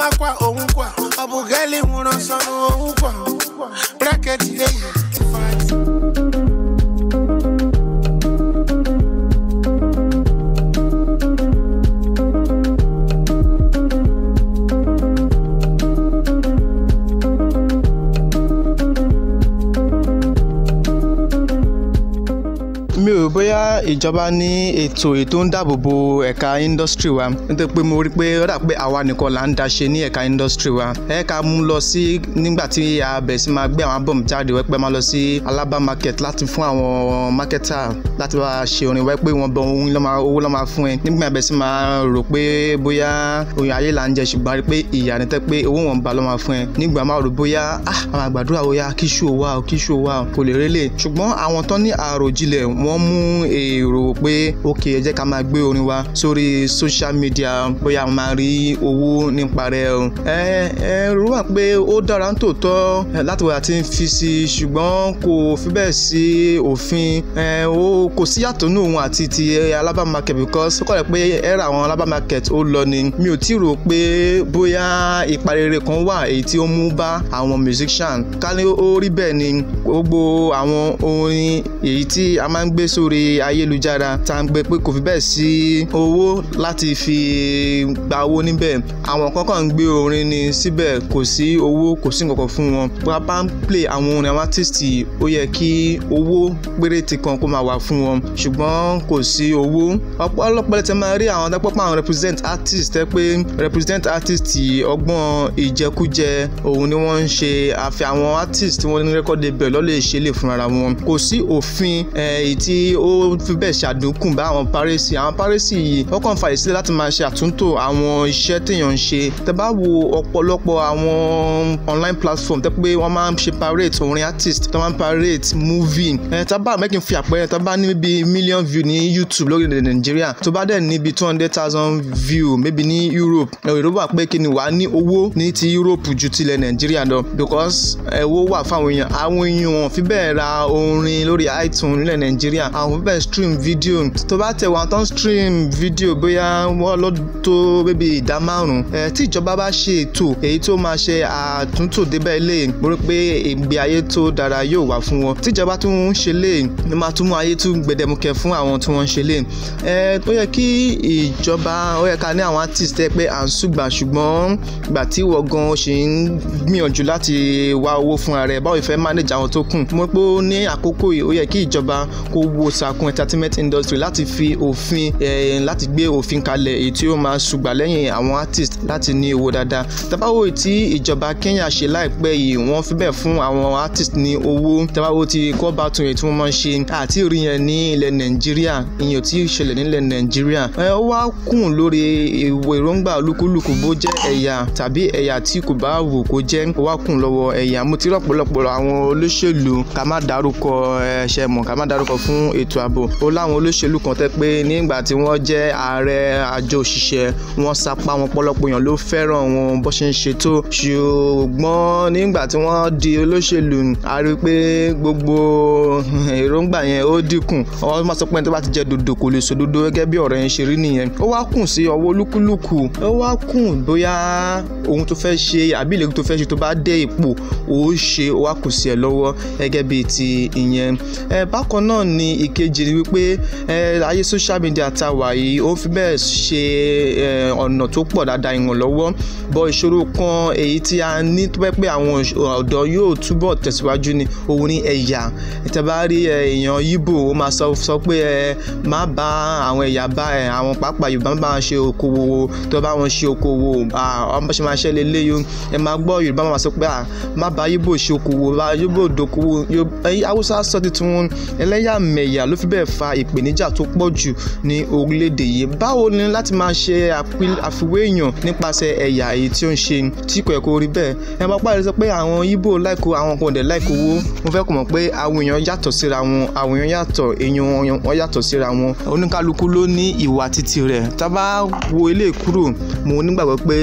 makwa onwu kwa ọ bụ gali nwụrụ ọsọ n'onwu kwa braket dey bóyá ìjọba ní ètò ètò ń dáàbò bo ẹ̀ka industry wa nítorí pé mo rí pé ó dà pé àwa nìkan là ń daṣe ní ẹ̀ka industry wa ẹ̀ka mú lọ sí nígbà tí a bẹ̀rẹ̀ sí máa gbé àwọn album jáde wẹ́pẹ́ máa lọ sí Alaba market láti fún àwọn marketer láti wá ṣe orin wẹ́ pé wọ́n bọ ohun owó lọ́ máa fún ẹ nígbà bẹ̀rẹ̀ sí máa rò pé bóyá oyin ayé là ń jẹ ṣùgbọ́n rí pé ìyá ni tẹ́ pé owó wọn bá lọ́ máa fún ẹ nígbà máa rò bóyá ah àwọn àgbàdúrà bóyá kíṣù wa kíṣù wa kò lè rélè ṣùgbọ́n àwọn tán ní àròjinlẹ̀ wọ́n mú fún èrò pé ok ẹ jẹ́ ká máa gbé orin wa sórí social media bóyá a máa rí owó nípa rẹ̀ o ẹ ẹ rò wá pé ó dára ń tòótọ́ láti wà tí ń fi sí ṣùgbọ́n kò fi bẹ́ẹ̀ sí òfin ẹ ó kò sí yàtọ̀ nù òun àti ti Alaba market because ó kọ̀ rẹ̀ pé ẹ̀rọ àwọn Alaba market ó lọ ni mi ò tí rò pé bóyá ipa rere kan wà èyí tí ó mú bá àwọn musician ká ní ó rí bẹ́ẹ̀ ni gbogbo àwọn orin èyí tí a máa ń gbé sórí sórí ayélujára tá à ń gbé pé kò fi bẹ́ẹ̀ sí owó láti fi gba owó níbẹ̀ àwọn kankan ń gbé orin ni síbẹ̀ kò sí owó kò sí nǹkan fún wọn bá a play àwọn orin àwọn artist ó yẹ kí owó péréte kan kó máa wà fún wọn ṣùgbọ́n kò sí owó ọ̀pọ̀lọpọ̀ lẹ́tẹ̀ máa rí àwọn dápọ́pọ̀ àwọn represent artiste tẹ́ pé represent artiste ọgbọ́n ìjẹkújẹ òun ni wọ́n ń ṣe àfi àwọn artist tí wọ́n ní record label lọ́ọ́ lè fúnra wọn kò sí òfin eh, èyí tí ó fi bẹ́ẹ̀ ṣàdínkù bá àwọn párẹ́sì àwọn párẹ́sì yìí wọ́n kàn fàyè sílẹ̀ láti máa ṣe àtúntò àwọn iṣẹ́ téèyàn ń ṣe tẹ́ bá wo ọ̀pọ̀lọpọ̀ àwọn online platform tẹ́ pé wọ́n máa ń ṣe parade orin artist tẹ́ máa ń parade movie ẹ̀ tábà mẹ́kìn fi àpẹẹrẹ tábà ní bí million view ní YouTube lórílẹ̀ Nàìjíríà tó bá dẹ̀ ní two hundred thousand view maybe ní Europe èrò wà pé kí ni wàá ní owó ní ti Europe ju tilẹ̀ Nàìjíríà lọ because ẹ̀wọ́ wà fáwọn èèyàn àwọn èèyàn fi bẹ́ẹ̀ ra orin lórí iTunes nílẹ̀ Nàìjíríà àwọn bẹ̀rẹ̀ stream video tó bá tẹ̀ wọ́n tán stream video bóyá wọ́n lọ tó bébí ìdá márùn-ún ẹ̀ tí ìjọba bá ṣe ètò èyí tó máa ṣe àtúntò débẹ̀ ilé mo rò pé ìgbé ayé tó dára yóò wà fún wọn tí ìjọba tún ń ṣe lé ní máa tún mú ayé tún gbẹdẹmukẹ fún àwọn tí wọ́n ń ṣe lé ẹ ó yẹ kí ìjọba ó yẹ ká ní àwọn artist tẹ pé à ń ṣùgbà ṣùgbọ́n gbà tí wọ́n ó ṣì ń gbìyànjú láti wá owó fúnra rẹ̀ báwo ìfẹ́ manage àwọn tó kù mo rò pé ó ní àkókò ó yẹ kí ìjọba kó wo wo Sakun entertainment industry láti fi òfin láti gbé òfin kalẹ̀ èyí tí ó máa ṣùgbà lẹ́yìn àwọn artist láti ní owó dáadáa tabawo tí ìjọba Kenya ṣe láìpẹ́ yìí wọ́n fi bẹ́ẹ̀ fún àwọn artist ní owó tabawo ti kọ́ bá tun èyí tí wọ́n máa ń ṣe àti rí yẹn ní ilẹ̀ Nàìjíríà ìyẹn tí ìṣẹ̀lẹ̀ nílẹ̀ Nàìjíríà ẹ wá kùn lórí ìwò èròǹgbà olúkúlùkù bó jẹ́ ẹ̀yà tàbí ẹ̀yà tí kò bá wù kó jẹ́ wá kùn lọ́wọ́ ẹ̀yà mo ti rọ̀pọ̀lọpọ̀ àwọn olóṣèlú ká má dárúkọ ẹ̀ṣẹ̀ mọ̀ ká má dárúkọ fún ètò ààbò ó láwọn olóṣèlú kan tẹ́ pé nígbà tí wọ́n jẹ́ ààrẹ àjọ òṣìṣẹ́ wọ́n sapá wọn pọ̀lọpọ̀ èèyàn ló fẹ́ràn wọn bó ṣe ń ṣètò ṣùgbọ́n nígbà tí wọ́n di olóṣèlú a rí i pé gbogbo èròǹgbà yẹn ó dínkù wọ́n máa sọ pé ẹni tó bá ti jẹ dòdò kò lè sòdodo gẹ́gẹ́ bí ọ̀rọ̀ yẹn ṣe rí nìyẹn ó wá kùn sí ọwọ́ olúkúlùkù ó wá kùn bóyá ohun tó fẹ́ ṣe àbí ìlérí tó fẹ́ ṣe tó bá dé ipò ó ṣe ó wá kùn sí ẹ lọ́wọ́ gẹ́gẹ́ bíi ti ìyẹn bákan náà ni ìkejì ni wípé ayé social media ta wà yìí ó fi bẹ́ẹ̀ ṣe ọ̀nà tó pọ̀ dáadáa ìrànlọ́wọ́ bọ́ ìṣòro kan èyí tí a ní tó pẹ́ pé àwọn ọ̀dọ́ yóò túbọ̀ tẹ̀síwájú ni òun ní ẹ̀yà ìtẹ̀bá rí èèyàn yíbò ó máa sọ pé má bá àwọn ẹ̀yà bá àwọn pàápàá Yorùbá má bá ṣe okòwò tó bá wọn ṣe okòwò ọmọ máa ṣe lélẹ́yìn ẹ máa gbọ́ Yorùbá máa sọ pé má bá yíbò ṣe okòwò bá yíbò dókòwò Haúsá sọ ti tún ẹlẹ́yàmẹ̀yà ìjìyà ló fi bẹ́ẹ̀ fa ìpèníjà tó pọ̀ jù ní orílẹ̀-èdè yìí báwo ni láti máa ṣe àfiwé èèyàn nípasẹ̀ ẹ̀yà èyí tí ó ń ṣe tí kò yẹ kó rí bẹ́ẹ̀ ẹ máa pàdé sọ pé àwọn Ìgbò láìkó àwọn kan ọ̀dẹ̀ láìkó owó mo fẹ́ kó mọ̀ pé àwọn èèyàn yàtọ̀ síra wọn àwọn èèyàn yàtọ̀ èèyàn wọn yàtọ̀ síra wọn oníkálukú ló ní ìwà títí rẹ̀ tá a bá wo ilé kúrò mo nígbàgbọ́ pé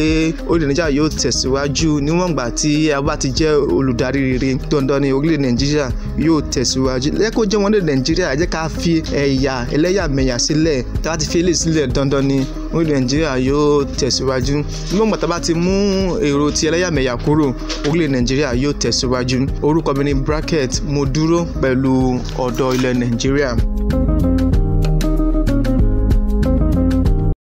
orílẹ̀ Nàìjíríà yóò tẹ̀síwájú níwọ̀n gbà tí a bá ti jẹ́ olùdarí rere dandan ní orílẹ̀ Nàìjíríà yóò tẹ̀síwájú lẹ́kọ̀ọ́ jẹ́ wọn lè Nàìjíríà ẹ jẹ́ ká fi ẹ̀yà ẹlẹ́yàmẹ̀yà sílẹ̀ tá a ti fi eléyìí sílẹ̀ dandan ni orílẹ̀ nàìjíríà yóò tẹ̀síwájú níwọ̀n gbàtà bá ti mú èrò ti ẹlẹ́yàmẹ̀yà kúrò orílẹ̀ nàìjíríà yóò tẹ̀síwájú orúkọ mi ni bracket mo dúró pẹ̀lú ọ̀dọ́ ilẹ̀ nàìjíríà.